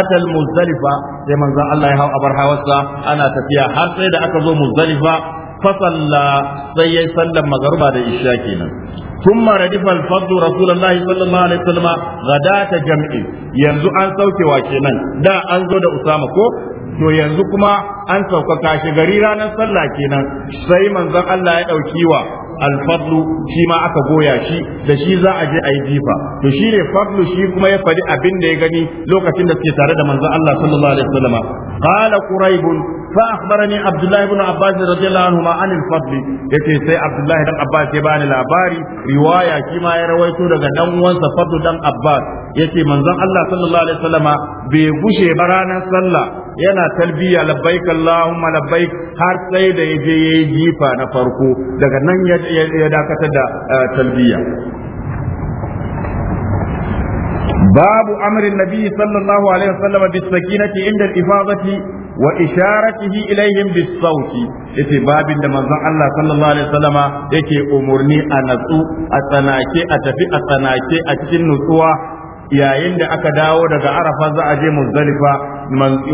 atal muzdalifa sai manzo Allah ya hau a bar hawasa ana tafiya har sai da aka zo muzalifa fasalla sai yayi sallan magruba da isha kenan ثم ردف الفضل رسول الله صلى الله عليه وسلم غداة جمع yanzu an saukewa kenan da an zo da Usama ko to yanzu kuma an sauka kashi gari ranar sallah kenan sai manzon Allah ya ɗauki wa alfadlu shi ma aka goya shi da shi za a je a yi jifa to shi ne fadlu shi kuma ya faɗi abin da ya gani lokacin da suke tare da manzon Allah sallallahu alaihi wasallam qala quraibun فأخبرني عبد الله بن عباس رضي الله عنهما عن الفضل يتي سي عبد الله ya عباس يبان الأباري رواية كما يروي سورة دم وانسى فضل دم عباس يتي منظم الله صلى الله عليه وسلم بيبوشي برانا صلى yana talbiya labbaik Allahumma labbaik har sai da yaje ya yi jifa na farko daga nan ya dakatar da eh, talbiya babu amrin nabi sallallahu alaihi wasallam bis sakinati inda ifadati wa isharatihi ilaihim bis sauti yace babin da manzon Allah sallallahu alaihi wasallama yake umurni a natsu a tsanake a tafi a tsanake a cikin nutsuwa yayin da aka dawo daga arafa za a je muzdalifa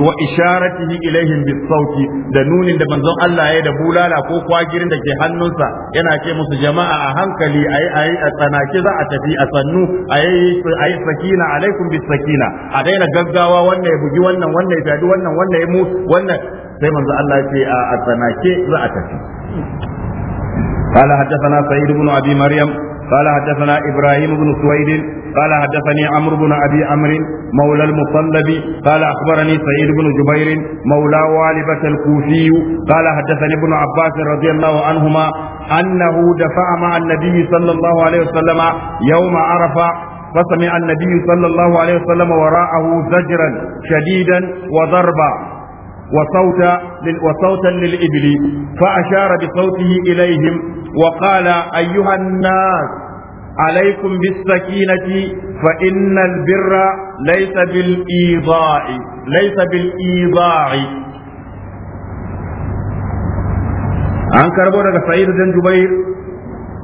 wa isharatihi ilaihim bis sauti da nunin da manzon Allah ya da bulala ko kwagirin da ke hannunsa yana ce musu jama'a a hankali ayi ayi a tsanake za a tafi a sannu ayi ayi sakina alaikum bis sakina a daina gaggawa wannan ya bugi wannan wannan ya fadi wannan wannan ya mu wannan sai manzon Allah ya ce a tsanake za a tafi قال حدثنا سعيد بن ابي مريم قال حدثنا ابراهيم بن سويد قال حدثني عمرو بن ابي عمرو مولى المصلب قال اخبرني سعيد بن جبير مولى والبة الكوفي قال حدثني ابن عباس رضي الله عنهما انه دفع مع النبي صلى الله عليه وسلم يوم عرفه فسمع النبي صلى الله عليه وسلم وراءه زجرا شديدا وضربا وصوتا وصوتا للإبل فأشار بصوته إليهم وقال أيها الناس عليكم بالسكينة فإن البر ليس بالإيضاع ليس بالإيضاع عن كربونة سعيد بن جبير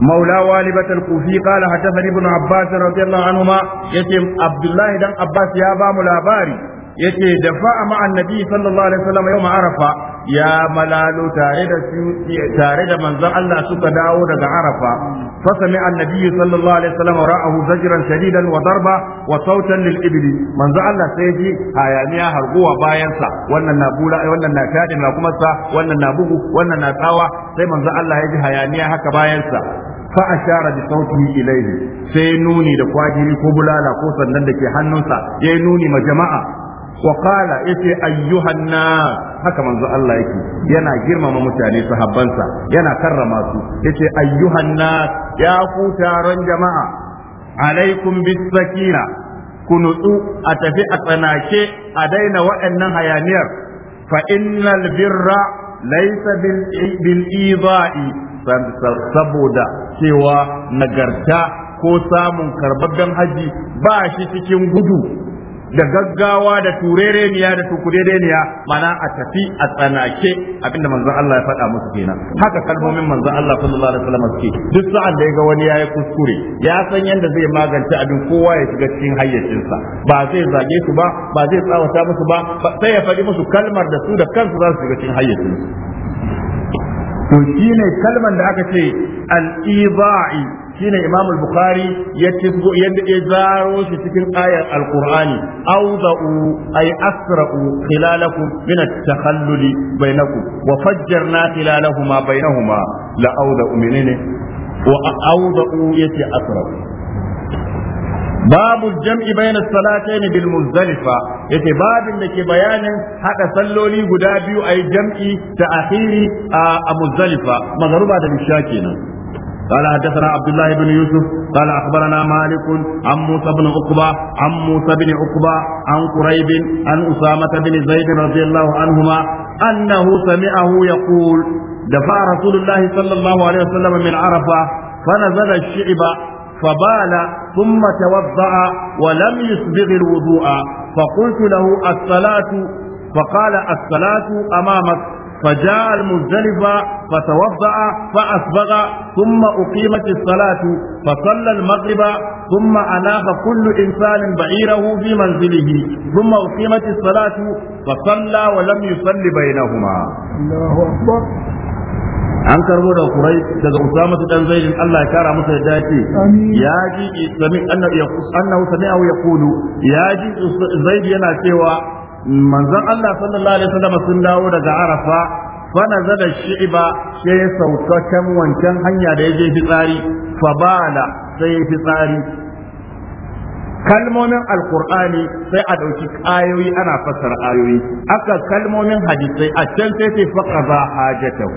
مولى والبة الكوفي قال حدثني ابن عباس رضي الله عنهما يتم عبد الله بن عباس يا بام الأباري yace da fa'a ma annabi sallallahu alaihi wasallam yau arafa ya malalo tare da tare da manzon Allah suka dawo daga arafa فسمع النبي صلى الله عليه وسلم رآه زجرا شديدا وضربا وصوتا للإبل من ذا الله سيجي هايانيا هرقوا باينسا وانا نابولا وانا ناكاد ناكمسا وانا نابوه وانا ناتاوا سي من ذا الله يجي هايانيا هكا باينسا فأشار بصوته إليه سينوني دقواجري كبلالا قوسا لندك حنوسا ينوني مجماعة وقال إتي أيها الناس haka manzo Allah yake yana girmama mutane sahabbansa yana karrama su yace ayyuhan nas ya ku taron jama'a alaikum bisakina sakina ku nutsu a tafi a tsanake a daina waɗannan hayaniyar fa innal birra laysa bil ida'i saboda cewa nagarta ko samun karbabben haji ba shi cikin gudu da gaggawa da turereniya da tukurereniya mana a tafi a tsanake abinda manzon Allah ya faɗa musu kenan haka kalmomin manzon Allah sallallahu alaihi wasallam suke duk sa'an da yaga wani yayi kuskure ya san yanda zai magance abin kowa ya shiga cikin hayyacinsa ba zai zage su ba ba zai tsawata musu ba sai ya faɗi musu kalmar da su da kansu za su shiga cikin hayyacinsu to shine kalmar da aka ce al-ibai shine Imam bukhari ya tibbo yadda ya zaro shi cikin ayar al-Qur'ani awza'u ay asra'u khilalakum min at-takhallul bainakum wa fajjarna khilalahuma bainahuma la awza'u minne wa awza'u yati asra'u babu jam'i bayna salatayn bil muzdalifa yace babin da ke bayanin hada salloli guda biyu ayi jam'i ta akhiri a muzdalifa Magaruba da isha kenan قال حدثنا عبد الله بن يوسف قال اخبرنا مالك عن موسى بن عقبه عن موسى بن عقبه عن قريب عن اسامه بن زيد رضي الله عنهما انه سمعه يقول دفع رسول الله صلى الله عليه وسلم من عرفه فنزل الشعب فبال ثم توضا ولم يسبغ الوضوء فقلت له الصلاه فقال الصلاه امامك فجاء المزدلفة فتوضأ فأسبغ ثم أقيمت الصلاة فصلى المغرب ثم أناخ كل إنسان بعيره في منزله ثم أقيمت الصلاة فصلى ولم يصل بينهما الله أكبر an karbo da kurai daga usama ta dan zaidin Allah ya kara masa da ce ya ji sami annabi ya annahu sami'ahu yaqulu ya ji zaid yana cewa manzon Allah sallallahu alaihi wasallam sun dawo daga Arafa fa nazala shi'ba sai sauka kan wancan hanya da yaje fitsari fa bala sai fitsari kalmomin alkur'ani sai a ɗauki ayoyi ana fassara ayoyi aka kalmomin hadisai a can sai sai fa hajatahu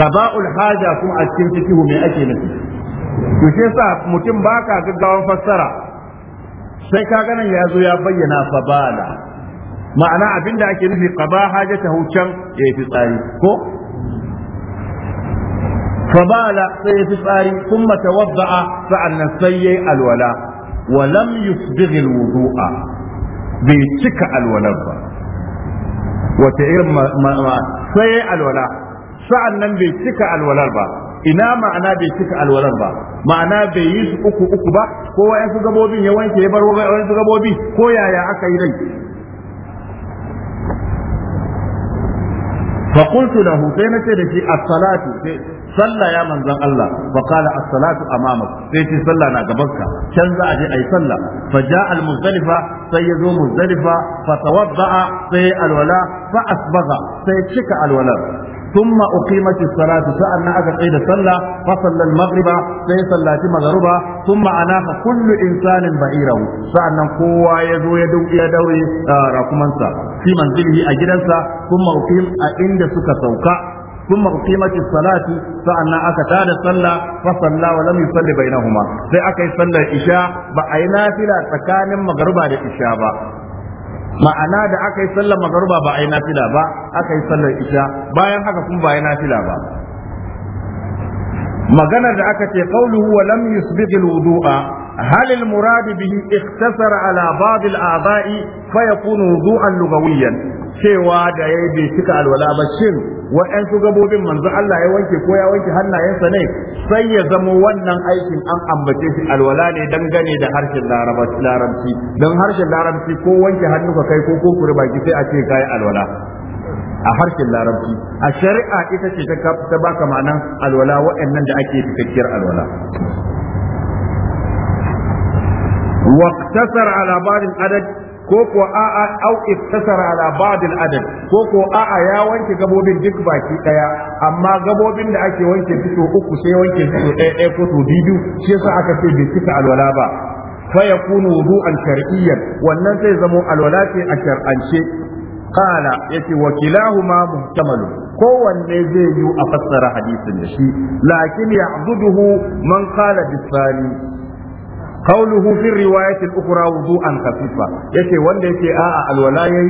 qaza'ul haja kuma a cikin fikihu mai ake nufi to shi yasa mutum baka gaggawan fassara sai ka ganin ya zo ya bayyana fa bala ma'ana abin da ake nufi haja, hajatahu can ya fi tsari. ko fabala sai ya fi tsari fitsari kuma tawadda'a sa'annan sai ya yi alwala Walam lam yusbighi alwudu'a bai cika alwalar ba wata irin sai ya yi alwala sa'annan bai cika alwalar ba ina ma'ana bai cika alwalar ba ma'ana bai yi su uku uku ba ko wa'yansu gabobin ya wanke ya bar wa'yansu gabobi ko yaya aka yi rai? فقلت له سينا شيء الصلاة صلى يا من زن الله فقال الصلاة أمامك سيتي صلى ناقبك شنزا أجي أي صلى فجاء المزدلفة سيزو مزدلفة فتوضأ سي الولاء فأسبغ سيشك الولاء ثم أقيمت الصلاة سألنا أكيد صلى فصلى المغرب سي صلاة مغربا ثم أناخ كل إنسان بعيره سألنا قوة يدو يدو يدو آه رقمانسا في منزله أجلسا ثم أقيم أئند سكا سوكا ثم أقيمت الصلاة فأنا أكتاد صلى فصلى ولم يصلي بينهما سي أكي صلى الإشاء بأينا فلا تكان مغربا لإشاء ma'ana da aka yi sallar magaruba ba a yi nafila ba aka yi sallar isha bayan haka kuma ba a yi nafila ba maganar da aka ce qawluhu wa lam yusbigh al-wudu'a هل المراد به اختصر على بعض الأعضاء فيكون وضوءا لغويا cewa da ya bai cika alwala ba shin waɗansu gabobin manzo Allah ya wanke ko ya wanke hannayensa ne sai ya zama wannan aikin an ambace shi alwala ne dangane da harshen larabci don harshen larabci ko wanke hannu ka kai ko ko kuri baki sai a ce kai alwala a harshen larabci a shari'a ita ce ta ta baka ma'anan alwala waɗannan da ake cikakkiyar alwala واقتصر a labarin adad ko ko a'a au iftasara ala ba'd adad ko ko a'a ya wanke gabobin duk baki daya amma gabobin da ake wanke fito uku sai wanke fito ɗaya ɗaya ko to biyu shi yasa aka ce bai cika alwala ba fa yakunu wudu'an shar'iyyan wannan zai zamo alwala ce a shar'ance qala yace wakilahu ma muhtamalun kowanne zai yi a fassara hadisin da shi lakin ya'buduhu man qala bisani Kaulu hufin riwayashin ukura wudu an khafifa, ya wanda ya ce a'a Alwala ya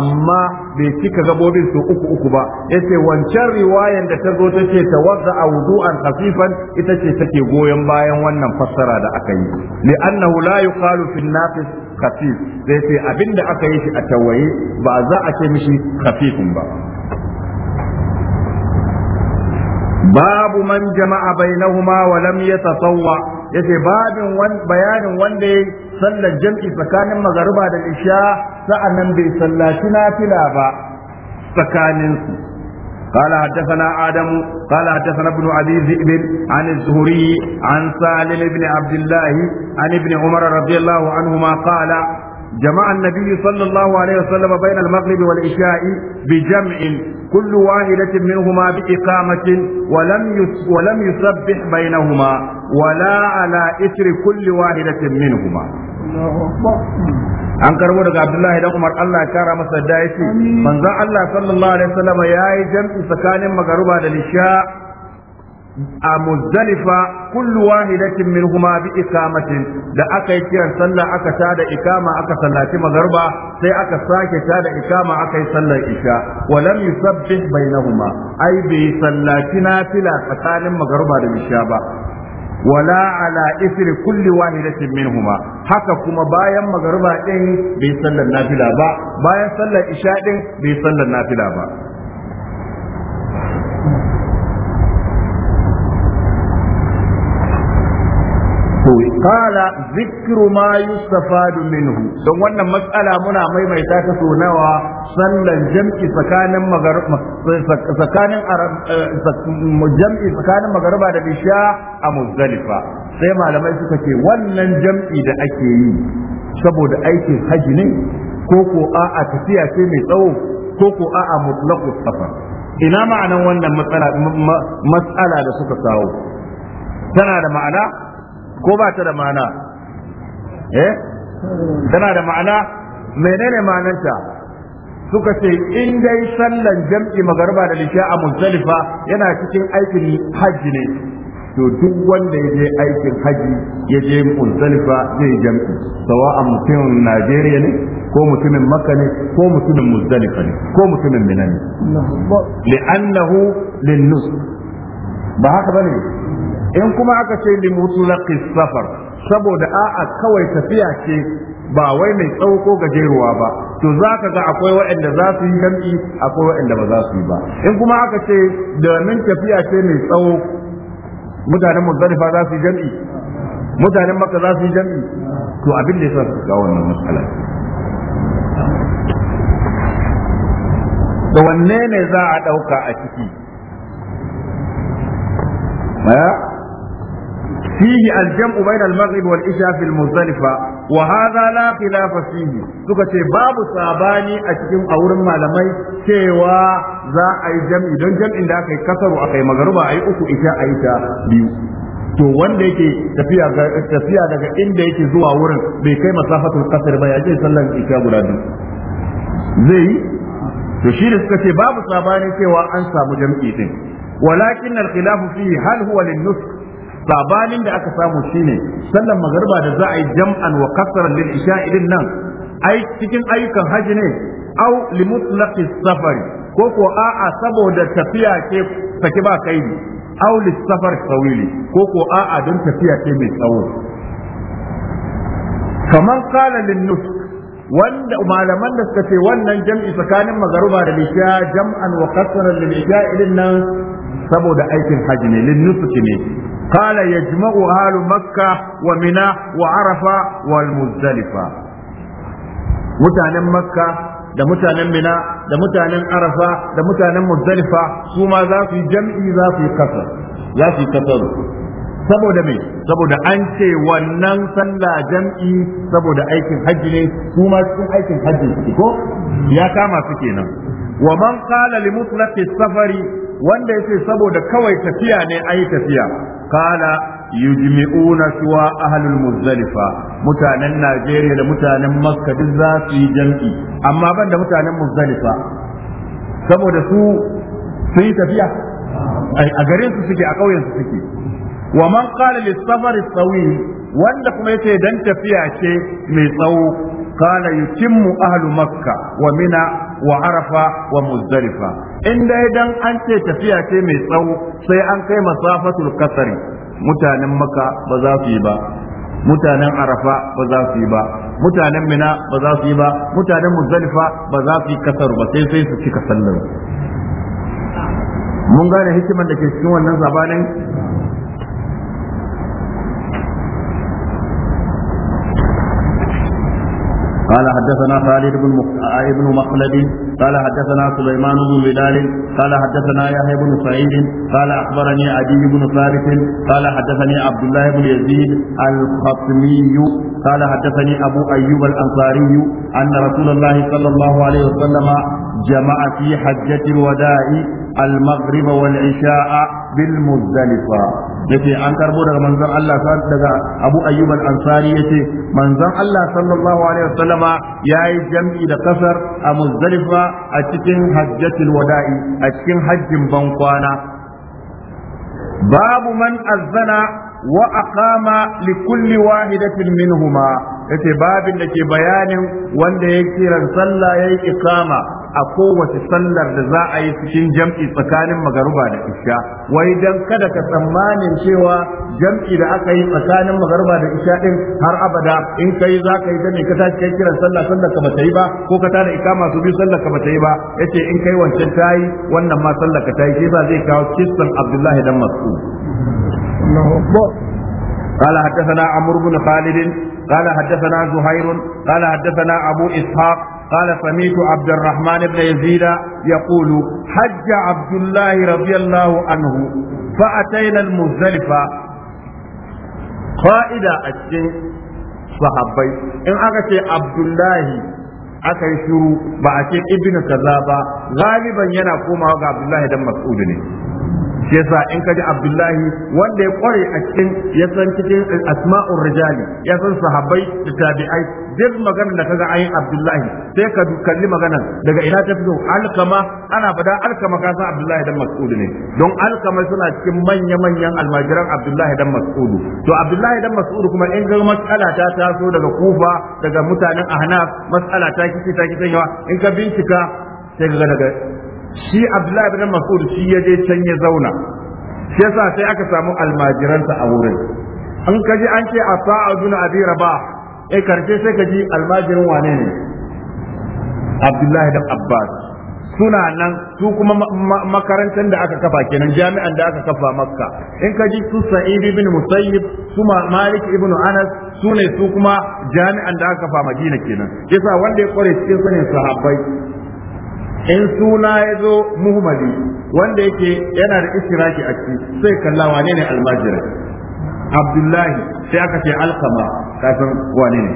amma bai cika gabobinsa uku uku ba, ya wancan riwaya da tazo tace ta ce ta wagga wudu an khafifan ita ce take goyon bayan wannan fassara da aka yi. Me annahu layu kalufin na fi khafi, ya ce abinda aka yi shi a tawaye ba za a ke mishi khafifin ba. Babu manjama'a bai na huma wa lamyar da yace babin bayanin wanda ya sallar jam'i tsakanin magariba da isha sa'annan bai sallaci nafila ba tsakanin su قال حدثنا آدم قال حدثنا ابن أبي ذئب عن الزهري عن سالم بن عبد الله عن ابن عمر رضي الله عنهما قال جمع النبي صلى الله عليه وسلم بين المغرب والعشاء بجمع كل واحدة منهما بإقامة ولم ولم يسبح بينهما wala ala isri kulli wahidatin minhuma an karbo daga Abdullahi da Umar Allah ya kara masa da yace manzon Allah sallallahu alaihi wasallam yayi jam'i tsakanin magaruba da lisha a muzdalifa kullu wahidatin minhuma bi ikamatin da aka yi kiran sallah aka tada ikama aka sallaci magaruba, sai aka sake tada ikama aka yi sallar isha wa lam yusabbih bainahuma ai bai sallaci nafila tsakanin magaruba da isha ba wala ala isri kulli wahidatin minhuma haka kuma bayan magariba din bai sallar nafila ba bayan sallar isha din bai sallar nafila ba to qala zikru ma yustafadu minhu don wannan matsala muna maimaita ta so nawa sallan jam'i tsakanin magarba tsakanin eh, eh, jam'i tsakanin magarba da isha a muzdalifa sai malamai suka ce wannan jam'i da ake yi saboda aikin haji ne ko ko a tafiya ce mai tsawo ko ko a mutlaqus safar ina ma'anan wannan matsala da suka kawo tana da ma'ana ko ba ta da ma'ana eh tana da ma'ana menene ma'ananta suka ce in dai sallan jam'i magarba da lisha a muzdalifa yana cikin aikin hajji ne to duk wanda ya je aikin haji ya je muzdalifa zai jam'i a mutumin Najeriya ne ko mutumin Makka ne ko mutumin muzdalifa ne ko mutumin Mina ne li'annahu Nus ba haka bane in kuma aka ce li mutlaqis safar saboda a'a kawai tafiya ce ba wai mai tsauko gajeruwa ba to za ka ga akwai waɗanda za su yi jam'i akwai waɗanda ba za su yi ba in kuma aka ce domin tafiya ce mai tsawo mutanen muzdalifa za su yi jam'i mutanen makka za su yi jam'i to abin da ya su ga wannan matsala da wanne ne za a ɗauka a ciki فيه الجمع بين المغرب والعشاء في المزدلفة وهذا لا خلاف فيه سكة باب صاباني أتكم أور مالمي سوى ذا أي جمع دون جمع إن ذاك كسر أخي مغربا أي أكو إشاء أي بيو to wanda yake tafiya tafiya daga inda yake zuwa wurin bai kai masafatul kasar ba ya je sallan isha guda biyu zai to shi da suka ce babu sabani cewa an samu jam'i din walakin al-khilafu fihi hal huwa lin sabanin da aka samu shine sallan magariba da za a yi jam'an wa kasaran lil isha idin nan ai cikin ayyukan haji ne au li mutlaqi safari ko ko a'a saboda tafiya ce saki ba kai ne au li safar tawili ko ko a'a don tafiya ce mai tsawo kaman qala lin nusuk wanda malaman da suka ce wannan jam'i tsakanin magaruba da lisha jam'an wa kasran lil isha nan saboda aikin haji ne lin nusuki ne قال يجمع أهل مكة ومنى وعرفة والمزدلفة متعنا مكة da mutanen mina da mutanen arafa da mutanen muzdalifa su ma za su yi jam'i za su yi kasar za su yi kasar saboda me saboda an ce wannan sallah jam'i saboda aikin hajji ne su ma cikin aikin hajji ko ya kama su kenan wa man qala li mutlaqi safari wanda yake saboda kawai tafiya ne ayi tafiya kala yujmi'una suwa ahlul muzdalifa mutanen Najeriya da mutanen Makka duk za su yi jam'i amma ban da mutanen muzdalifa saboda su sun yi tafiya a garin su suke a ƙauyen su suke wa man qala lis-safar tawil wanda kuma yace dan tafiya ce mai tsawo kala yutimmu ahlu makka wa mina wa arafa wa muzdalifa in dai dan an ce tafiya ce mai tsawo sai an kai masafatul kasari mutanen maka ba za su yi ba mutanen arafa ba za su yi ba mutanen mina ba za su yi ba mutanen muzdalifa ba za su yi kasar ba sai sai su cika sallar mun gane hikimar da ke cikin wannan sabanin قال حدثنا خالد بن ابن مخلد قال حدثنا سليمان بن بلال قال حدثنا يحيى بن سعيد قال اخبرني عدي بن ثابت قال حدثني عبد الله بن يزيد الخطمي قال حدثني ابو ايوب الانصاري ان رسول الله صلى الله عليه وسلم جمع في حجة الوداع المغرب والعشاء بالمزدلفة yace an karbo daga manzon Allah daga Abu Ayyub al-Ansari yace manzon Allah sallallahu alaihi wasallama yayi jam'i da kasar a Muzdalifa a cikin hajjatul wada'i a cikin hajjin bankwana babu man azzana wa aqama li kulli wahidatin minhuma yace babin da ke bayanin wanda ya kiran sallah yayi ikama. a kowace sallar da za a yi cikin jam'i tsakanin magaruba da isha wai dan kada ka tsammanin cewa jam'i da aka yi tsakanin magaruba da isha din har abada in kai za ka yi ne ka tashi kai kiran sallah sallar ka bata yi ba ko ka tada ikama su biyu sallar ka bata yi ba yace in kai wancan tayi wannan ma sallar ka tayi sai zai kawo kissan Abdullahi dan Mas'u. Allahu Akbar قال حدثنا عمرو بن خالد قال حدثنا زهير قال حدثنا أبو إسحاق قال سمعت عبد الرحمن بن يزيد يقول حج عبد الله رضي الله عنه فأتينا المزدلفة قائد أجن صحابي إن أغتي عبد الله أكي شروع بأتي ابن كذابة غالبا ينا كوما عبد الله دم مسؤول yasa in kaji abdullahi wanda ya kware a cikin ya san cikin asma'ur rijali ya san sahabbai da tabi'ai duk maganar da kaga ayin abdullahi sai ka kalli maganar daga ina ta fito alkama ana fada alkama ka san abdullahi dan mas'ud ne don alkama suna cikin manya manyan almajiran abdullahi dan mas'ud to abdullahi dan mas'ud kuma in ga matsala ta taso daga kufa daga mutanen ahnaf matsala ta kike ta kike yawa in ka bincika sai ga daga shi abdullahi ibn mas'ud shi ya je can ya zauna shi yasa sai aka samu almajiransa a wurin an kaji an ce a sa'adun abi raba eh karshe sai kaji almajirin wane ne abdullahi da abbas suna nan su kuma makarantar da aka kafa kenan jami'an da aka kafa makka in ka ji su sa'id ibn musayyib su malik ibn anas su ne su kuma jami'an da aka kafa madina kenan yasa wanda ya kware cikin sanin sahabbai in suna ya zo muhammadi wanda yake yana da istiraki a ciki sai kalla wane ne almajirai abdullahi sai aka ce alkama kafin wane ne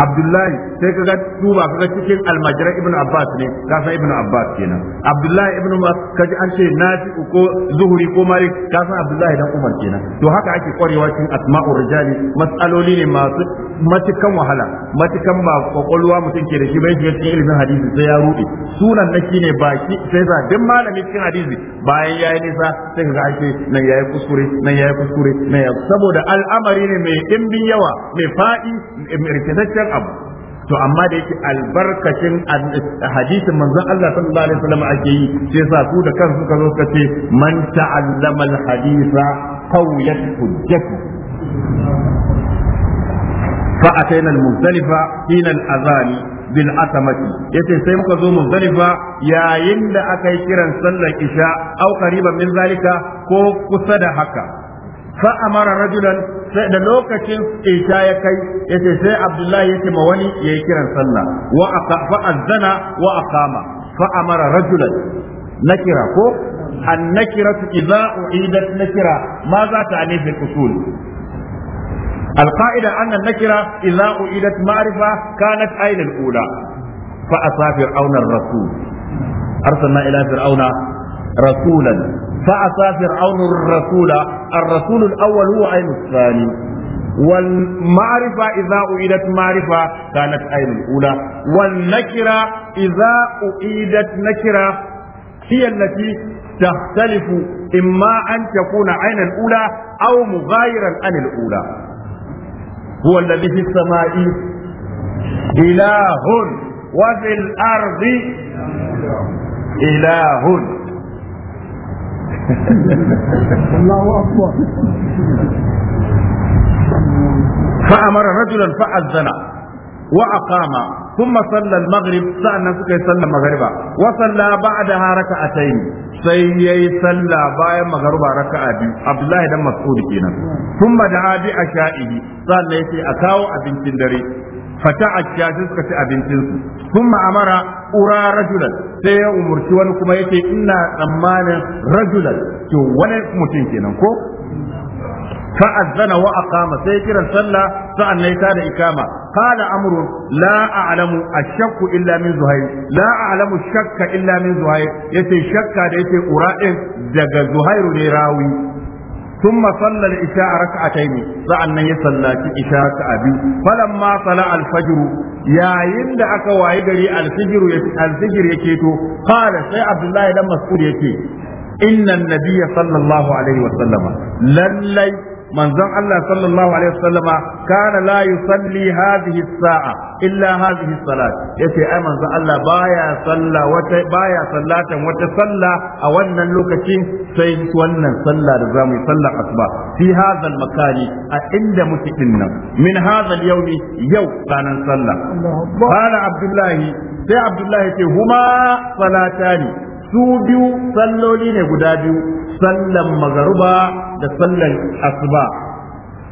abdullahi sai kaga duba kaga cikin almajiran ibn abbas ne ka san ibn abbas kenan abdullahi ibn abbas kaji an ce nafi ko zuhuri ko malik ka san abdullahi dan umar kenan to haka ake kwarewa cikin asma'ur rijali mas'aloli ne masu matukan wahala matukan ba kwakwalwa mutum ke da shi bai shiga cikin ilimin hadisi sai ya rude sunan na shine baki sai sa duk malami cikin hadisi bayan yayi nisa sai kaga ake nan yayi kuskure nan yayi kuskure nan saboda al'amari ne mai dimbin yawa mai faɗi mai rikitaccen mummunan abu to amma da yake albarkacin hadisin manzon Allah sallallahu alaihi wasallam ake yi sai sa su da kansu ka zo suka ce man ta'allama al-haditha qawiyat hujjatu fa ataina al-muzdalifa hina al-adhani bil atamati yace sai muka zo muzdalifa yayin da aka yi kiran sallar isha au qariban min zalika ko kusa da haka fa amara rajulan sai da lokacin isha ya kai yace sai abdullahi ya ce ma wani yayi kiran sallah wa aqfa azana wa aqama fa amara rajulan nakira ko an nakira idza uidat nakira ma za ta ne fil usul al qaida an an nakira idza uidat ma'rifa kanat ayn al ula fa asafir awna ar rasul ila fir'auna رسولا فعصى فرعون الرسول الرسول الأول هو عين الثاني والمعرفة إذا أعيدت معرفة كانت عين الأولى والنكرة إذا أعيدت نكرة هي التي تختلف إما أن تكون عين الأولى أو مغايرا عن الأولى هو الذي في السماء إله وفي الأرض إله Allahu akbar fa amara rajulan fa azzana wa aqama thumma salla al-maghrib suka yi sallar maghriba da haraka a raka'atayn sai yayi salla bayan maghriba a biyu Abdullahi dan Mas'ud kenan thumma da'a bi asha'ihi sannan yace a kawo abincin dare fata'ajja sai suka ci abincinsu sun ma'amara ura rajulan sai ya umurci wani kuma yace ina tsammanin rajulan to wani mutum kenan ko فأذن وأقام سيكرا صلى فأن يتاد إقامة قال أمر لا أعلم الشك إلا من زهير لا أعلم الشك إلا من زهير يتي شك يتي أرائه دق زهير لراوي ثم صلى العشاء ركعتين سألنا يصلى العشاء كأبي فلما طلع الفجر يا يند أكا وايقري الفجر الفجر يكيتو قال سي عبد الله لما مسؤول يكي إن النبي صلى الله عليه وسلم لن manzon Allah sallallahu alaihi wasallama kana la yusalli hadhihi sa'a illa hadhihi salat yace ai manzon Allah baya salla wata baya sallatan wata salla a wannan lokaci sai wannan salla da zamu yi sallar asuba fi hadha makani a inda muke dinnan min hadha al-yawmi yau ranan salla qala abdullahi sai abdullahi ce huma salatani su biyu salloli ne guda biyu sallan magaruba da sallar asuba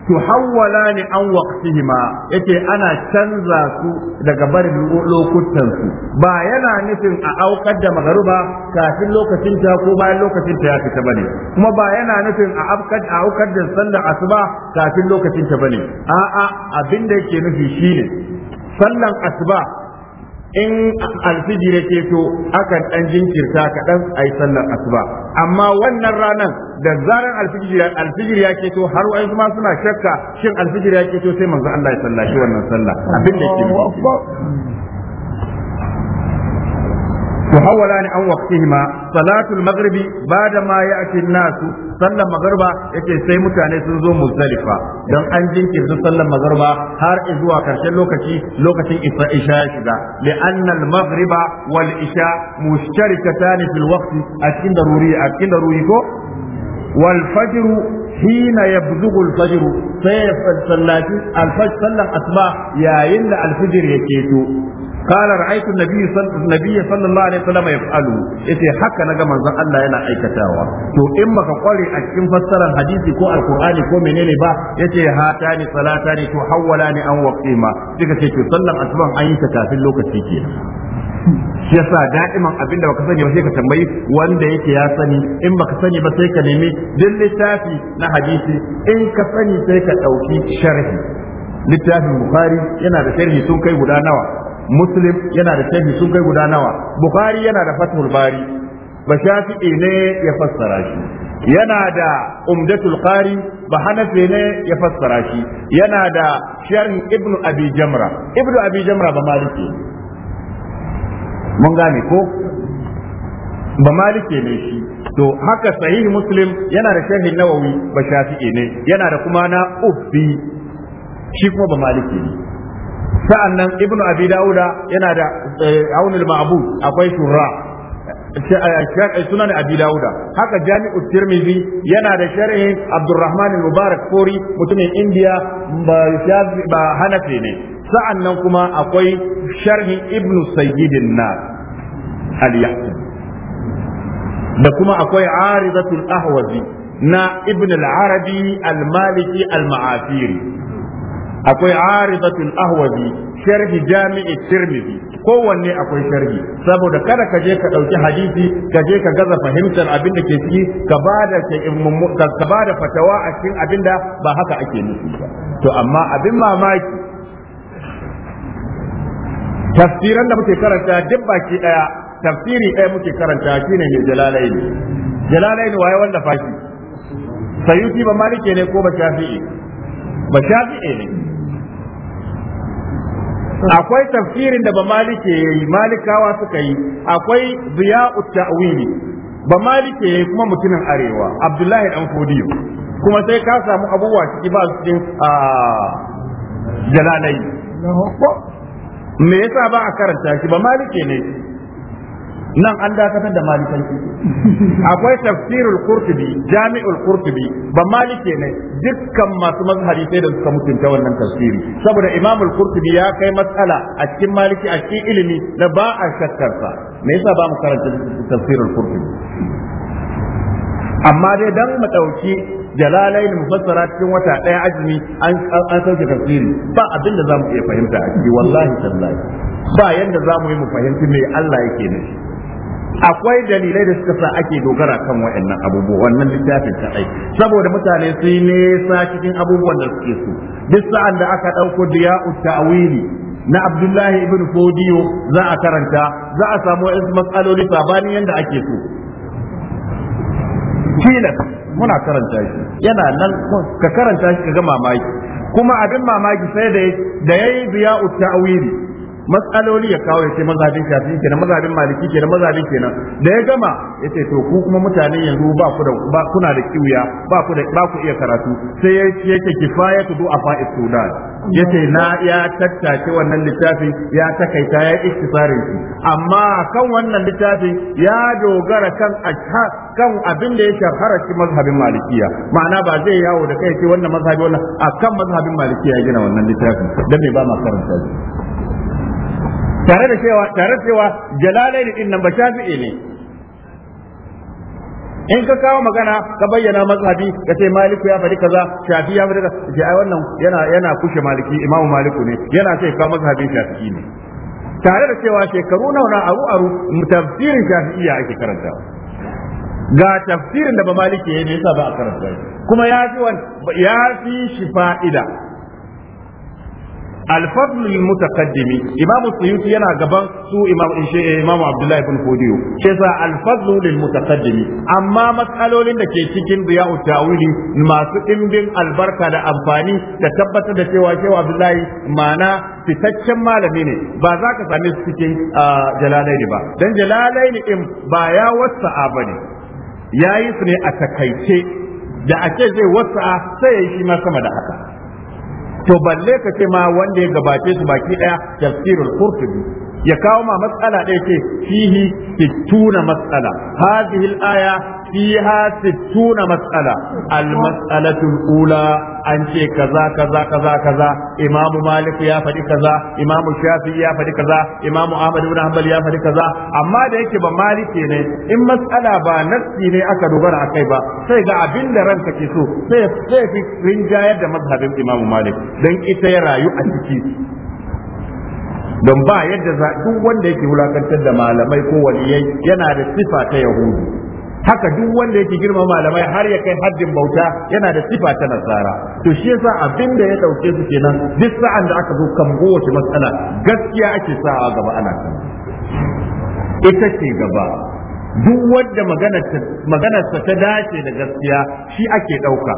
tuhawwala ne an waqtihima yace ana canza su daga barin lokutan su ba yana nufin a aukar da magaruba kafin lokacin ta ko bayan lokacin ta ya fita bane kuma ba yana nufin a a aukar da sallar asuba kafin lokacin ta bane a'a abin da yake nufi shine sallan asuba in alfijir ke to akan dan jinkirta kaɗan a yi sallar asuba amma wannan ranar da zarar alfijir alfijir ya ke to har wa'in ma suna shakka shin alfijir ya ke to sai manzo Allah ya sallashi wannan sallah abin da ke tuhawwala ni an waqtihima salatul maghribi bada ma ya ake nasu sallar magharba yake sai mutane sun zo muzdalifa dan an jinkirta sallar magharba har zuwa karshen lokaci lokacin isha ya shiga li anna al wal isha mushtarikatan fil waqti a cikin daruri a cikin daruri ko wal fajr حين يبلغ الفجر سيصلى الفجر صلى الأصبح يا إلا الفجر to. قال رأيت النبي صلى النبي صلى الله عليه وسلم يفعل yace haka naga manzon Allah yana aikatawa to in baka kware a cikin fassarar hadisi ko alqur'ani ko menene ba yace hatani salatani to hawwalani an waqima kika ce to sallan asuban an yi ta kafin lokaci kenan shi yasa da'iman abin baka sani ba sai ka tambayi wanda yake ya sani in baka sani ba sai ka nemi duk littafi na hadisi in ka sani sai ka ɗauki sharhi littafin bukhari yana da sharhi sun kai guda nawa muslim yana da sharhi sun kai guda nawa bukhari yana da fathul bari ba shafi'i ne ya fassara shi yana da umdatul qari ba hanafi ne ya fassara shi yana da sharhi ibnu abi jamra ibnu abi jamra ba maliki mun gane ko ba maliki ne shi to haka sahihi muslim yana da sharhin nawawi ba shafi'i ne yana da kuma na ubbi shi kuma ba maliki ne sa'annan ibnu abi dauda yana da eh, aunul ma'bud akwai shurra eh, eh, sunan abi dauda haka jami'u tirmidhi yana da sharhin abdurrahman al-mubarak fori mutumin indiya ba hanafi ne sa'annan kuma akwai sharhi ibnu sayyidin nas al da kuma akwai aridatul ahwazi na ibn al-arabi al-maliki al-ma'asiri akwai aridatul ahwazi sharhi jami'i tirmidhi kowanne akwai sharhi saboda kada ka je ka dauki hadisi ka je ka gaza fahimtar abin da ke ciki ka bada ka bada fatawa a cikin abin da ba haka ake nufi ba to amma abin mamaki tafsiran da muke karanta duk baki daya tafsiri daya muke karanta shine ne jalalaini jalalaini waye wanda fashi sayyidi ba malike ne ko ba shafi'i ba shafi'i ne akwai tafsirin da bamalike malike yayi malikawa suka yi akwai biya'u ta'wili bamalike yayi kuma mutumin arewa abdullahi dan fodiyo kuma sai ka samu abubuwa ciki ba su cikin ah, jalalai me yasa ba a karanta shi ba ne nan an dakatar da malikanci akwai tafsirul qurtubi jami'ul qurtubi ba malike ne dukkan masu mazhabi sai da suka mutunta wannan tafsiri saboda imamul qurtubi ya kai matsala a cikin maliki a cikin ilimi da ba a sa. me yasa ba mu karanta tafsirul qurtubi amma dai dan mu dauki jalalai da mufassara cikin wata ɗaya azumi an an sauke tafsiri ba abin da zamu iya fahimta a wallahi tallahi ba yanda zamu yi mu fahimci me Allah yake nufi akwai dalilai da suka sa ake dogara kan waɗannan abubuwa wannan littafin ta aiki saboda mutane su yi nesa cikin abubuwan da suke so duk sa'an da aka ɗauko diya ta'wili na Abdullahi ibn Fodiyo za a karanta za a samu wasu matsaloli sabanin yadda ake so tilas muna karanta shi yana nan ka karanta shi ka ga mamaki kuma abin mamaki sai da yayi diya ta'wili matsaloli ya kawo mazabin shafi ke na mazabin maliki ke na mazabin kenan da ya gama ya ce to ku kuma mutane yanzu ba ku da ba kuna da kiwiya ba ku da ba ku iya karatu sai yake a du'a suna. Ya ce na ya tattace wannan littafin ya takaita ya iktisarin shi amma kan wannan littafin ya dogara kan kan abin da ya shahara shi mazhabin malikiya ma'ana ba zai yawo da kai ce wannan mazhabi wannan akan mazhabin malikiya ya gina wannan littafin dan me ba ma karanta tare da cewa tare cewa jalalaini din nan ba shafi'i ne in ka kawo magana ka bayyana mazhabi ka ce maliku ya faɗi kaza shafi ya faɗi kaza ce ai wannan yana yana kushe maliki imamu maliku ne yana ce ka mazhabin shafi'i ne tare da cewa shekaru nawa na aru aru tafsirin ya ake karanta. ga tafsirin da ba maliki ne yasa ba a karanta kuma ya fi ya fi shi fa'ida al-fadl al-mutaqaddim imam yana gaban su imam imam abdullahi ibn fodiyo sa lil-mutaqaddim amma matsalolin da ke cikin riya'u tawili masu dimbin albarka da amfani da tabbatar da cewa cewa abdullahi ma'ana fitaccen malami ne ba za ka same su cikin jalalaini ba dan jalalaini in ba ya wasa'a bane yayi su ne a takaice da ake zai wasa'a sai ya shi ma sama da haka to balle ka ce ma wanda ya gabace su baki daya tafsirul qurtubi ya kawo ma matsala ɗaya ce fihi tuna matsala hadhihi al-aya فيها ستون مسألة المسألة الأولى أن كذا كذا كذا كذا إمام مالك يا فدي كذا إمام الشافعي يا فدي كذا إمام أحمد بن حنبل يا فدي كذا أما ده يكي بمالك ne in matsala ba nassi ne aka dogara a kai ba sai ga abinda da ke so sai sai rinjayar da mazhabin Imam Malik Don ita ya rayu a ciki don ba yadda duk wanda yake wulakantar da malamai ko waliyai yana da sifa ta yahudu haka duk wanda yake girma malamai har ya kai haddin bauta yana da sifa ta nasara to shi yasa abin da ya dauke su kenan duk sa'an da aka zo kan kowace matsala gaskiya ake sa'a gaba ana kan ita ce gaba duk wanda maganarsa ta dace da gaskiya shi ake ɗauka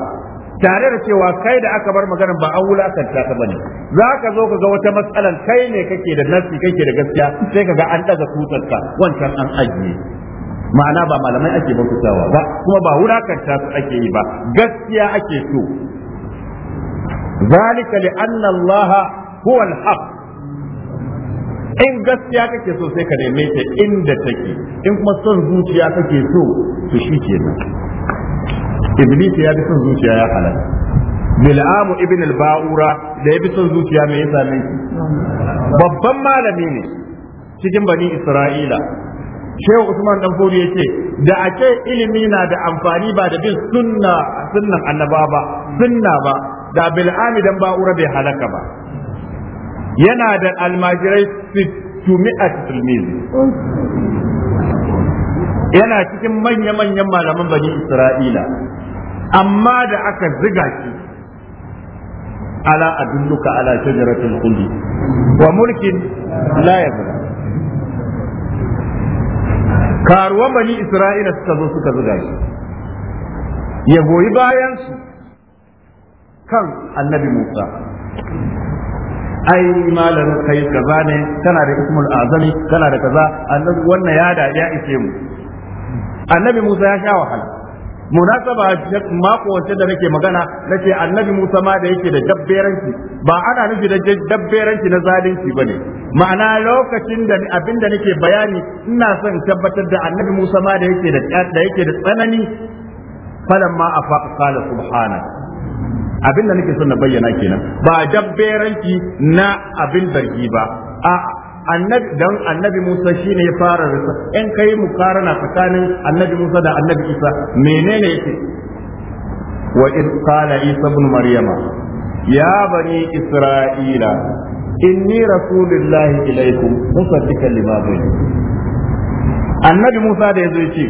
tare da cewa kai da aka bar maganar ba an wulakanta ta bane za ka zo ka ga wata matsalar kai ne kake da nasi kake da gaskiya sai ka ga an ɗaga tutarka wancan an ajiye ma'ana ba malamai ake bautawa ba kuma ba wulakanta su ake yi ba gaskiya ake so zalika li anna Allah huwa al-haq in gaskiya kake so sai ka neme ta inda take in kuma son zuciya kake so to shi kenan iblis ya bi son zuciya ya halaka bil'amu ibn al-ba'ura da ya bi son zuciya mai ya same babban malami ne cikin bani isra'ila shehu usman dan ya yace da ake ilimi na da amfani ba da bin sunna sunnan annaba ba sunna ba da bil dan ba ura bai halaka ba yana da almajirai 600 tilmizi yana cikin manya-manyan malaman bani isra'ila amma da aka ziga shi ala adulluka ala shajaratul khuldi wa mulkin la yabla karuwan bani isra'ila suka zo suka zuga shi ya goyi bayansu kan annabi musa ai malam kai kaza ne kana da ismul azami kana da kaza annabi wannan ya da ya ishe mu annabi musa ya sha wahala munasaba mako wace da nake magana nace annabi Musa ma da yake da dabberanci ba ana nufi da dabberanci na zalunci bane ma'ana lokacin da abin da nake bayani ina son tabbatar da annabi Musa ma da yake da da yake da tsanani ma afa qala subhana abin da nake son na bayyana kenan ba dabberanci na abin barki ba a'a annabi dan annabi Musa shine ya fara risa in kai mukarana tsakanin annabi Musa da annabi Isa menene yake wa id qala Isa ibn Maryama ya bani Isra'ila inni rasulullahi ilaikum musaddiqan lima bayna annabi Musa da yazo yace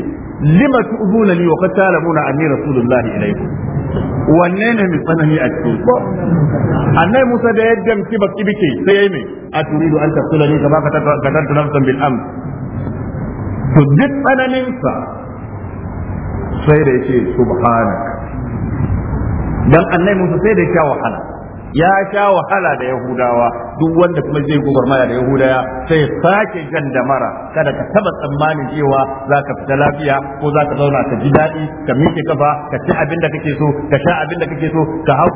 lima tu'zuna li wa qad ta'lamuna anni rasulullahi ilaikum wanne ne mai tsanani a ciki annai musa da ya damci baki bike sai yayi mai a turidu an tafsulani gaba ka tantu nafsan bil am to duk tsananin sa sai da yake subhanak dan annai musa sai da ya wahala ya sha wahala da yahudawa duk wanda kuma zai gwagwarmaya da yahudaya sai sake jan da mara kada ka taba tsammanin cewa za ka fita lafiya ko za ka zauna ka ji daɗi ka miƙe kafa ka ci abin da kake so ka sha abin da kake so ka hau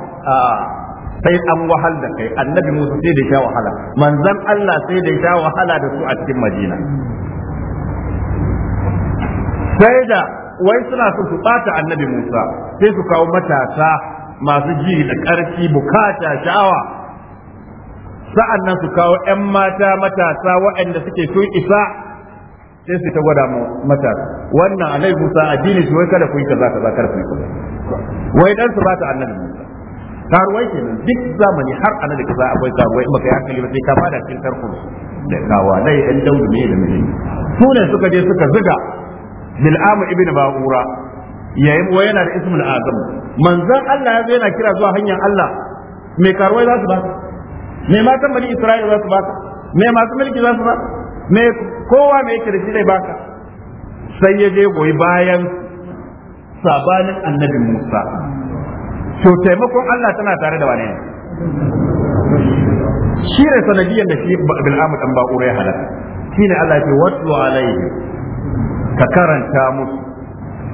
sai an wahal da kai annabi musa sai da sha wahala manzon allah sai da sha wahala da su a cikin madina sai da wai suna so su ɓata annabi musa sai su kawo matasa masu ji da ƙarfi bukata sha'awa sa'an nan su kawo 'yan mata matasa waɗanda suke sun isa sai su ta gwada matasa wannan a alai musa addini su wai kada ku yi kaza kaza kar ku yi kaza wai dan su ba ta annabi musa karuwai nan duk zamani har ana da kaza akwai karuwai maka ya hankali sai ka bada cikin tarkon da kawa dai ɗan daudu ne da mene su ne suka je suka zuga bil'amu ibn ba'ura yayin wa yana da ismul azam manzon Allah ya zo yana kira zuwa hanyar Allah me karwai za su ba me matan bani Isra'ila za su ba me masu mulki za su ba me kowa me yake da shi zai baka sai ya je goyi bayan sabanin annabi Musa to taimakon Allah tana tare da wane ne shi ne sanadiyan da shi bil'amu dan ba ya halaka shi ne Allah ya ce watlu alaihi ka karanta musu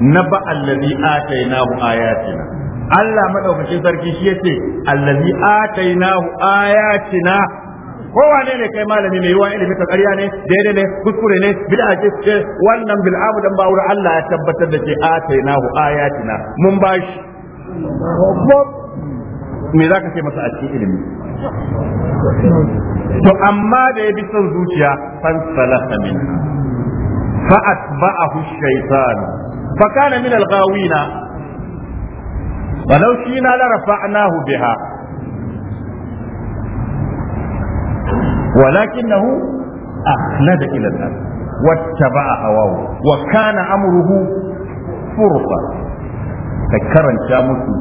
naba allazi atainahu ayatina Allah madaukakin sarki shi yace allazi atainahu ayatina Ko kowane ne kai malami mai yiwa ilimi ta ƙarya ne daidai ne kuskure ne bid'a ce ce wannan bil abudan ba wurin Allah ya tabbatar da ce atainahu ayatina mun bashi me za ka ce masa a cikin ilimi to amma da ya bi son zuciya fan salaha min fa atba'ahu shaytanu fa kana min al-ghawina walau shina la rafa'nahu biha walakinahu ahnada ila al-ard wattaba'a hawahu wa kana amruhu furqa ka karanta musu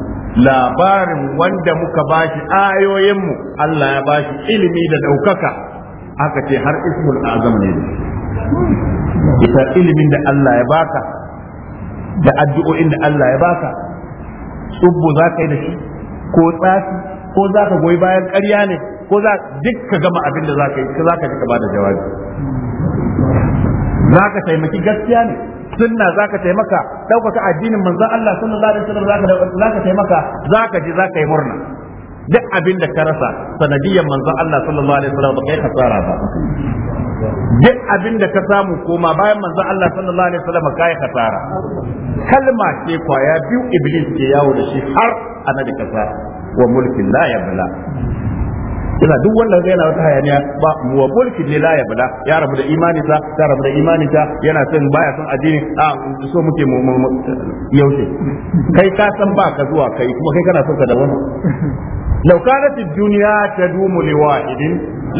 labarin wanda muka bashi ayoyinmu Allah ya bashi ilimi da ɗaukaka. aka ce har ismul azam ne ita ilimin da Allah ya baka da addu'o'in da Allah ya baka tsubbu za ka yi da shi ko tsafi ko za ka goyi bayan ƙarya ne ko za duk ka gama abin da za ka yi za ka ji ka bada jawabi za ka taimaki gaskiya ne sunna za ka taimaka ɗaukaka addinin manzon Allah sallallahu alaihi wasallam za ka taimaka za ka ji za ka yi murna duk abin da ka rasa sanadiyar manzon Allah sallallahu alaihi wasallam ba kai kasara ba duk abin da ka samu koma bayan manzon Allah sallallahu alaihi wasallam kai kasara kalma ce kwaya biyu iblis ke yawo da shi har a da wa mulkin la yabla yana duk wanda yana wata hayaniya ba wa mulki ne la bada, ya rabu da imani sa ta rabu da imani ta yana son baya son addini a so muke mu yaushe kai ka san ba ka zuwa kai kuma kai kana son ka da wani لو كانت الدنيا تدوم لواحد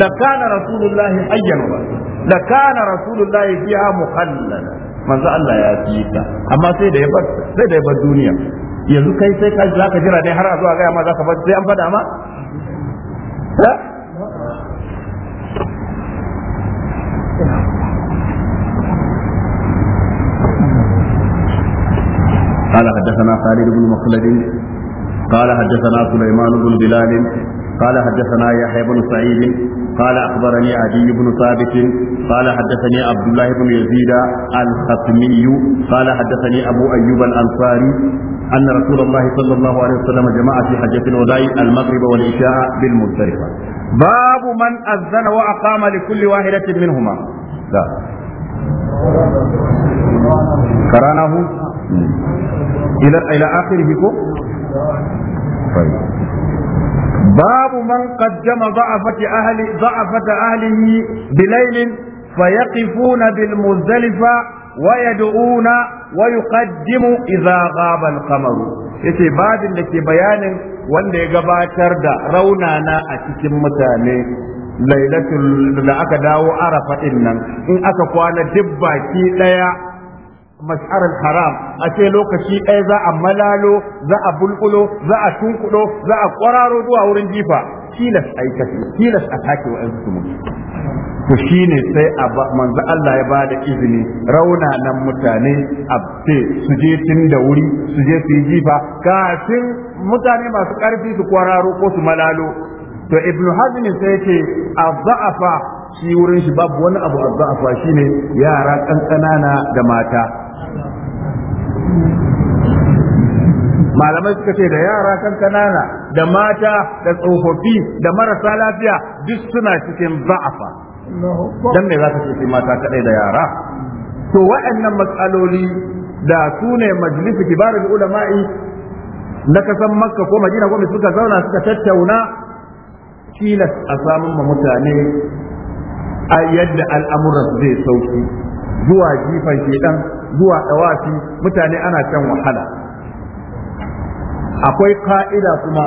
لكان رسول الله حيا لكان Allah ya فيها مخلدا amma sai da ya اما sai da ya يبر الدنيا yanzu kai sai ka za ka jira dai har a zuwa gaya ma za ka sai an fada ma قال حدثنا خالد بن مخلد قال حدثنا سليمان بن بلال قال حدثنا يحيى بن سعيد قال اخبرني عدي بن ثابت قال حدثني عبد الله بن يزيد الختمي قال حدثني ابو ايوب الانصاري أن رسول الله صلى الله عليه وسلم جمع في حجة الوداع المغرب والعشاء بالمزدلفة باب من أذن وأقام لكل واحدة منهما لا قرانه إلى إلى آخره طيب باب من قدم ضعفة أهل ضعفة أهله بليل فيقفون بالمزدلفة ويدعون ويقدم إذا غاب القمر yace babin da ke bayanin wanda ya gabatar da raunana a cikin mutane lailatul da aka dawo arafa din nan in aka kwana duk baki daya haram a ce lokaci ɗaya za a malalo za a bulbulo za a tunkudo za a kwararo zuwa wurin jifa tilas aikata tilas a take wa mutu to shine sai a manzo Allah ya ba da izini nan mutane a ce su je tun da wuri su je su yi jifa kafin mutane masu ƙarfi su kwararo ko su malalo to ibnu hazm sai yake azza'afa shi wurin shi babu wani abu azza'afa shine yara na da mata malamai suka ce da yara kankanana da mata da tsofaffi da marasa lafiya duk suna cikin za'afa dan me za ka ce mata kadai da yara to waɗannan matsaloli da su ne majlisu kibarul ulama'i na kasan makka ko madina ko suka zauna suka tattauna tilas a samun ma mutane a yadda al'amuran zai sauki zuwa jifan shedan zuwa dawafi mutane ana can wahala akwai ka'ida kuma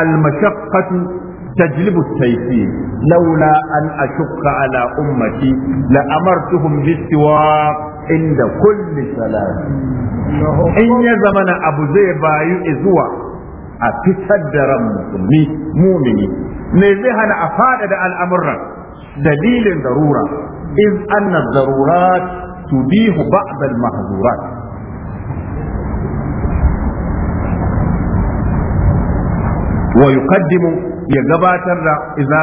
al-mashaqqatu تجلب التيسير لولا أن أشق على أمتي لأمرتهم بالسواك عند كل سلام إن يزمن أبو زيبا يؤذوا أتتدر مسلمي مؤمني نزهن أفاد الأمر دليل ضرورة إذ أن الضرورات تبيح بعض المحظورات ويقدم ya gabatar da idza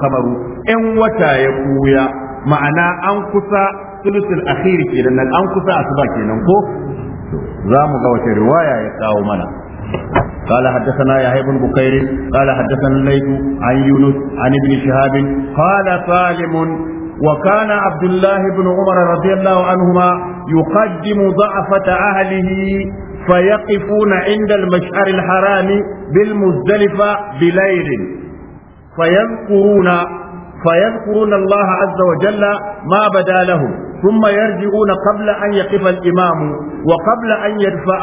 kamaru, 'yan in wata ya kuya ma'ana an kusa sulusul akhir kenan nan an kusa asuba kenan ko za mu ga wata riwaya ya kawo mana قال حدثنا يحيى بن بكير قال حدثنا الليث عن يونس عن ابن شهاب قال سالم وكان عبد الله بن عمر رضي الله عنهما يقدم ضعفة أهله فيقفون عند المشعر الحرام بالمزدلفة بليل فيذكرون فيذكرون الله عز وجل ما بدا لهم ثم يرجعون قبل أن يقف الإمام وقبل أن يدفع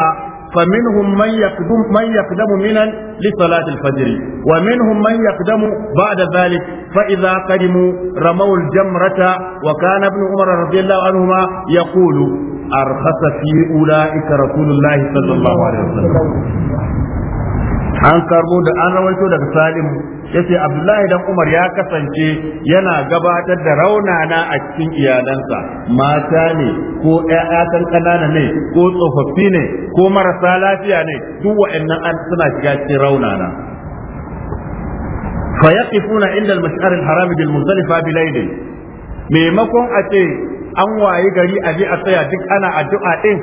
فمنهم من يقدم من يقدم منا لصلاة الفجر ومنهم من يقدم بعد ذلك فإذا قدموا رموا الجمرة وكان ابن عمر رضي الله عنهما يقول أولئك رسول الله صلى الله عليه وسلم an karbo da an rawaito daga salim ce abdullahi dan umar ya kasance yana gabatar da raunana a cikin iyalansa mata ne ko ƴaƴa kan kanana ne ko tsofaffi ne ko marasa lafiya ne duk wa'annan an suna shiga cikin raunana inda al عند bil الحرام بالمزدلفة بليل maimakon a ce an waye gari a je a tsaya duk ana addu'a din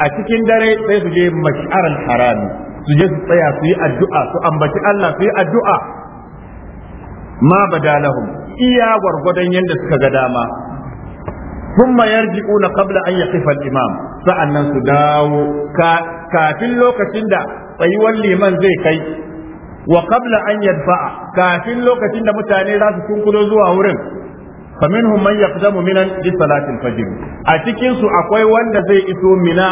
a cikin dare sai su je mash'ar harami su je su tsaya su yi addu'a su ambaci Allah su yi addu'a ma badalahum iya gwargwadon yadda suka ga dama ثم يرجعون قبل أن يقف الإمام sa'annan su dawo kafin lokacin da tsayuwar liman zai kai wa qabla an yadfa'a kafin lokacin da mutane za su kunkulo zuwa wurin فمنهم من يقدم منا لصلاة الفجر أتكين سو أكوي وان زي إسو منا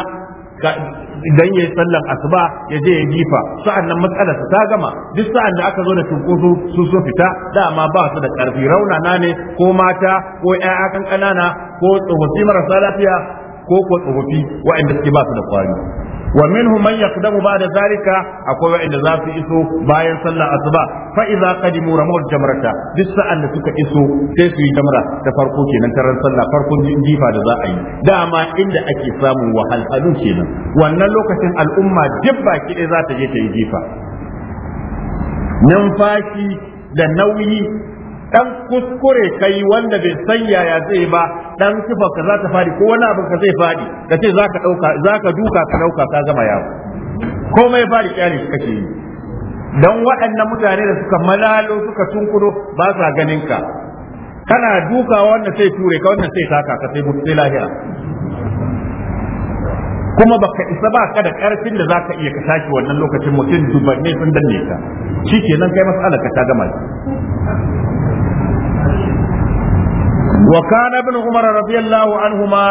idan ya yi sallar asuba ya je ya jifa sa'an nan matsalar ta gama duk sa'an da aka zo da cunkoso su sun fita dama ba su da karfi raunana ne ko mata ko ƴaƴa kan ko tsofaffi marasa lafiya ko ko tsofaffi waɗanda suke ba su da kwari wa minhum man yaqdamu ba'da zalika akwai wanda za su iso bayan sallar asuba fa idza qadimu ramu jamrata duk sa'an da suka iso sai su yi jamra da farko kenan taran sallah farkon jifa da za a yi dama inda ake samun wahalhalu kenan wannan lokacin al'umma duk baki ɗaya za ta je ta yi jifa numfashi da nauyi dan kuskure kai wanda bai san yaya zai ba dan kifa ka za ta fadi ko wani abin ka zai fadi ka ce ka dauka ka duka ka dauka ka gama yawo komai fadi kyale kake yi dan waɗannan mutane da suka malalo suka tunkuro ba sa ganin ka kana duka wanda sai ture ka wanda sai saka ka sai mutu sai lahira kuma baka isa ba ka da karfin da zaka iya ka tashi wannan lokacin mutum dubanne sun danne ka shikenan kai mas'alar ka ta gama وكان ابن عمر رضي الله عنهما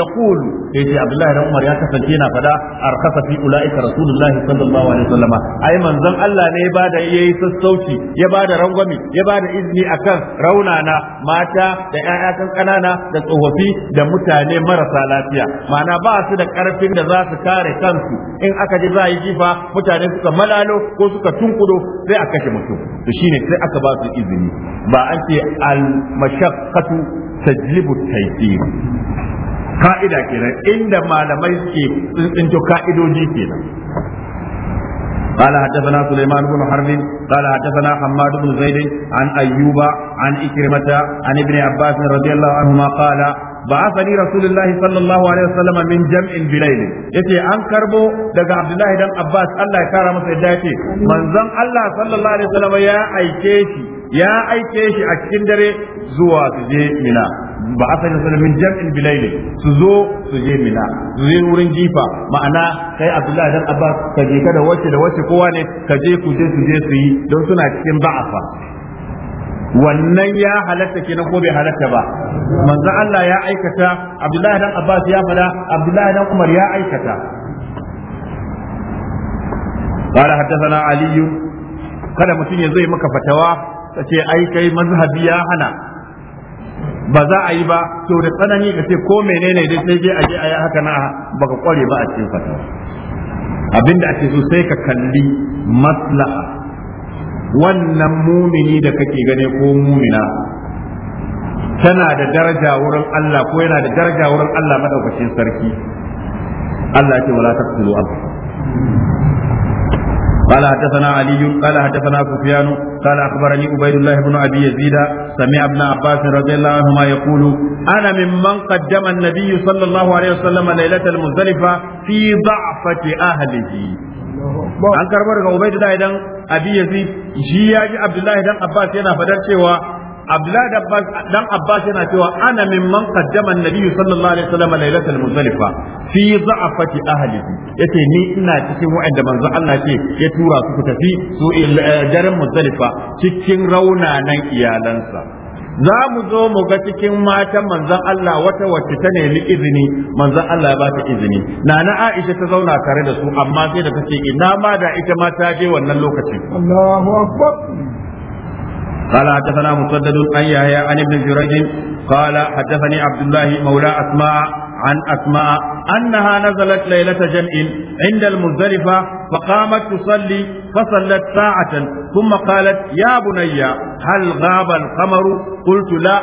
يقول يجي عبد الله بن عمر يا كسنتينا فدا أرخص في أولئك رسول الله صلى الله عليه وسلم أي من ذن الله ne ba da yayi sassauci ya ba da rangwami ya ba da izini akan raunana mata da 'ya'ya kan kanana da tsofaffi da mutane marasa lafiya ma'ana ba su da karfin da za su kare kansu in aka je za yi jifa mutane suka malalo ko suka tunkudo sai a kashe mutum to shine sai aka ba su izini ba anke ce al mashaqqatu tajlibu taysir ka'ida kenan inda malamai suke tsintsinto ka'idoji kenan قال حدثنا سليمان بن حرب قال حدثنا حماد بن زيد عن أيوب عن إكرمة عن ابن عباس رضي الله عنهما قال بعثني رسول الله صلى الله عليه وسلم من جمع بليل يتي أن كربو دقى عبد الله بن عباس الله يكرم سيداتي من زم الله صلى الله عليه وسلم يا ya aike shi a cikin dare zuwa su je mina ba asali sallallahu min jam'in bilaili su zo su je mina su je wurin jifa ma'ana kai abdullahi dan abbas ka je ka da wace da wace kowa ne ka je ku je su je su yi don suna cikin ba'afa wannan ya halatta kenan ko bai halatta ba manzo Allah ya aikata abdullahi dan abbas ya fada abdullahi dan umar ya aikata قال حدثنا Aliyu kada mutum ya zai maka fatawa ta ce ai kai mazhabi ya hana ba za a yi ba to da tsanani ka ce ko menene dai sai a je a yi haka na baka kware ba a cikin fatawa abinda ake so sai ka kalli maslaha wannan mumini da kake gane ko mumina tana da daraja wurin Allah ko yana da daraja wurin Allah madaukakin sarki Allah ya ce wala taqtulu قال حدثنا علي قال حدثنا سفيان قال اخبرني عبيد الله بن ابي يزيد سمع ابن عباس رضي الله عنهما يقول انا ممن قدم النبي صلى الله عليه وسلم ليله المزدلفه في ضعفه اهله an karbar ga ubaidullah idan abi yazid shi ya ji abdullahi dan abbas yana fadar cewa abla da dan abbas yana cewa ana mimman qaddama annabi sallallahu alaihi wasallam lailatul muzdalifa fi za'afati ahlihi yace ni ina cikin wa'anda manzo Allah ya tura su ku tafi su eh, daren muzdalifa cikin raunanan iyalansa za mu zo mu ga cikin matan manzon Allah wata wacce ta nemi izini manzon Allah ya ba ta izini nana Aisha ta zauna tare da su amma sai da ta ce ina ma da ita ma ta je wannan lokacin قال حدثنا مسدد عن يحيى عن ابن جريج قال حدثني عبد الله مولى اسماء عن اسماء انها نزلت ليله جمع عند المزدلفه فقامت تصلي فصلت ساعه ثم قالت يا بني هل غاب القمر قلت لا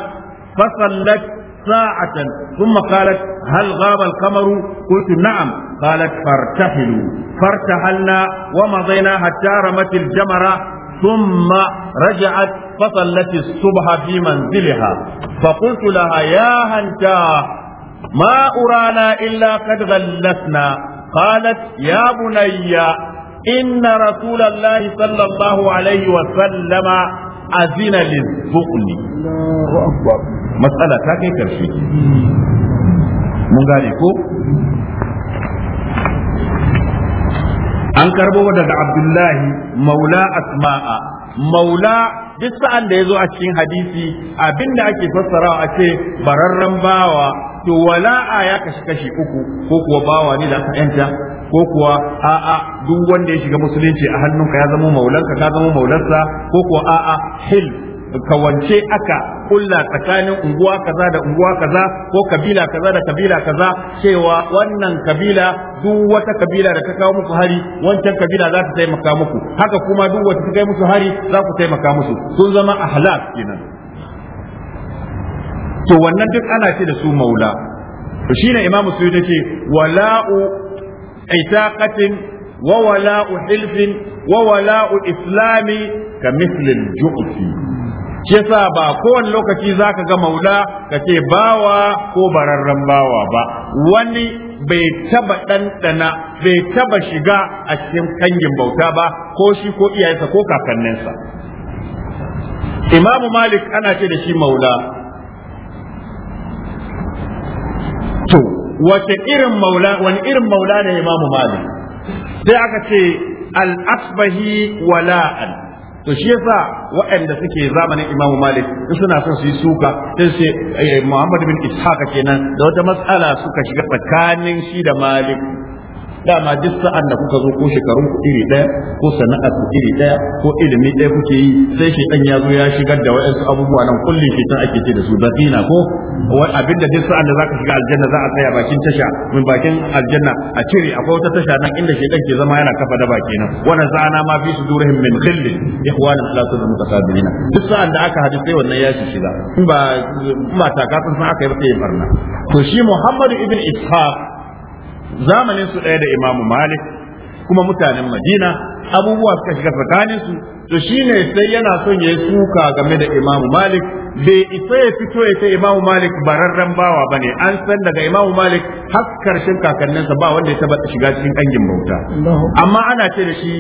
فصلت ساعة ثم قالت هل غاب القمر قلت نعم قالت فارتحلوا فارتحلنا ومضينا حتى رمت الجمرة ثم رجعت فصلت الصبح في منزلها فقلت لها يا هنتا ما أرانا إلا قد غلسنا قالت يا بني إن رسول الله صلى الله عليه وسلم أذن للذقن الله أكبر مسألة كيف من قال an karbo daga abdullahi maula asma'a maula duk sa'an da ya zo a cikin hadisi abinda ake fassarawa a ce bararren bawa to wala'a ya kashi kashi uku ko kuwa bawa ne da aka yanta ko kuwa a'a duk wanda ya shiga musulunci a hannunka ya zama maulanka ka zama maularsa ko kuwa a'a hil kawance aka kulla tsakanin unguwa kaza da unguwa kaza ko kabila kaza da kabila kaza cewa wannan kabila duk wata kabila da ta kawo muku hari wancan kabila za ta taimaka muku haka kuma duk wata ta kai musu hari za ku taimaka musu sun zama ahlak kenan to wannan duk ana ce da su maula to shine imam suyuti yace wala'u itaqatin wa wala'u hilfin wa wala'u islami ka mislil ju'fi shi yasa ba kowane lokaci za ka ga maula ka ce bawa ko bararren bawa ba wani bai taba ɗanɗana bai taba shiga a cikin kangin bauta ba ko shi ko iyayensa ko kakanninsa imamu malik ana ce da shi maula to wace irin maula wani irin maula ne imamu malik sai aka ce al-asbahi wala'an to shi yasa waɗanda suke zamanin Imam Malik in suna son su yi suka sai sai eh, Muhammad bin Ishaq kenan da wata matsala suka shiga tsakanin shi da Malik dama duk sa'an da kuka zo ko shekarun ku iri daya ko sana'ar ku iri daya ko ilimi daya kuke yi sai shi ya zo ya shigar da wayansu abubuwa nan kullun shi ake ce da su zakina ko abinda duk sa'an da zaka shiga aljanna za a tsaya bakin tasha Mun bakin aljanna a cire akwai wata tasha nan inda shi ke zama yana kafa da baki nan wannan zana ma fi sudurihim min khill ihwanan salatul mutakabilin duk sa'an da aka hadisi wannan ya shi shiga in ba mata kafin san aka yi ba sai barna to shi Muhammadu ibn Ishaq zamanin su ɗaya da imamu malik kuma mutanen madina abubuwa suka shiga tsakanin su to shine sai yana son ya yi suka game da imamu malik bai isa ya fito ya ce imamu malik bararren bawa ba ne an san daga imamu malik har karshen kakanninsa ba wanda ya taba shiga cikin kangin bauta amma ana ce da shi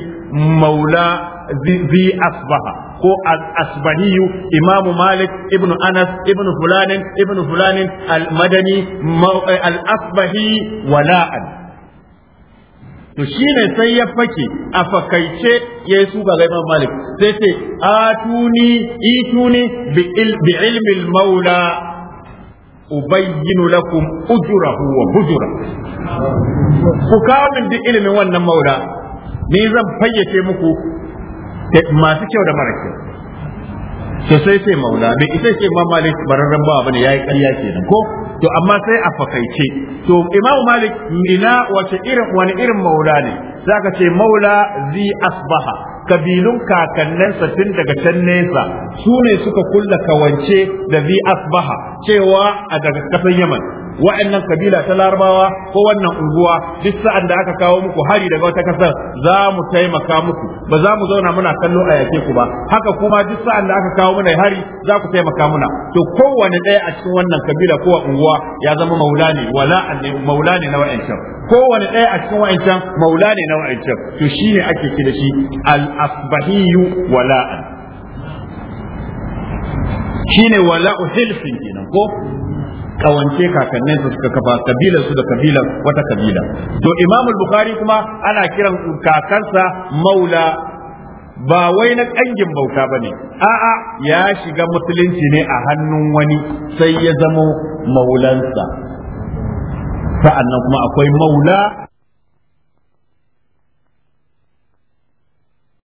maula zi asbaha ko asbahiyu imamu malik ibnu anas ibnu fulanin ibnu fulanin al-madani eh, al-asbahi wala'an to shine sai ya fake a fakaice ya ga Imam Malik sai ce atuni ituni bi ilmi maula ubayyinu lakum ujurahu wa bujura ku kawo min ilimin wannan maula ni zan fayyace muku masu kyau da mara kyau to sai sai maula bai isa ce ma malik bararren ba bane yayi ƙarya kenan ko to amma sai a fakaice to imamu malik ina wace irin wani irin maula ne zaka ce maula zi asbaha kabilun kakannensa tun daga can nesa su ne suka kulla kawance da zi asbaha cewa a daga kasan yaman wa'annan kabila ta larabawa ko wannan unguwa duk sa'an da aka kawo muku hari daga wata kasar za mu taimaka muku ba za mu zauna muna kallo a yake ku ba haka kuma duk sa'an da aka kawo mana hari za ku taimaka muna to kowane ɗaya a cikin wannan kabila ko unguwa ya zama maula ne wala maula ne na wa'ancan kowane ɗaya a cikin wa'ancan maula ne na wa'ancan to shine ake kira shi al-asbahiyyu wala'an shine wala'u hilfin kenan ko kawance kakannin su suka kafa kabilar su da kabilar wata kabila to imam bukhari kuma ana kiran kakansa maula ba wai na kangin bauta ba ne a'a ya shiga musulunci ne a hannun wani sai ya zamo maulansa sa'annan kuma akwai maula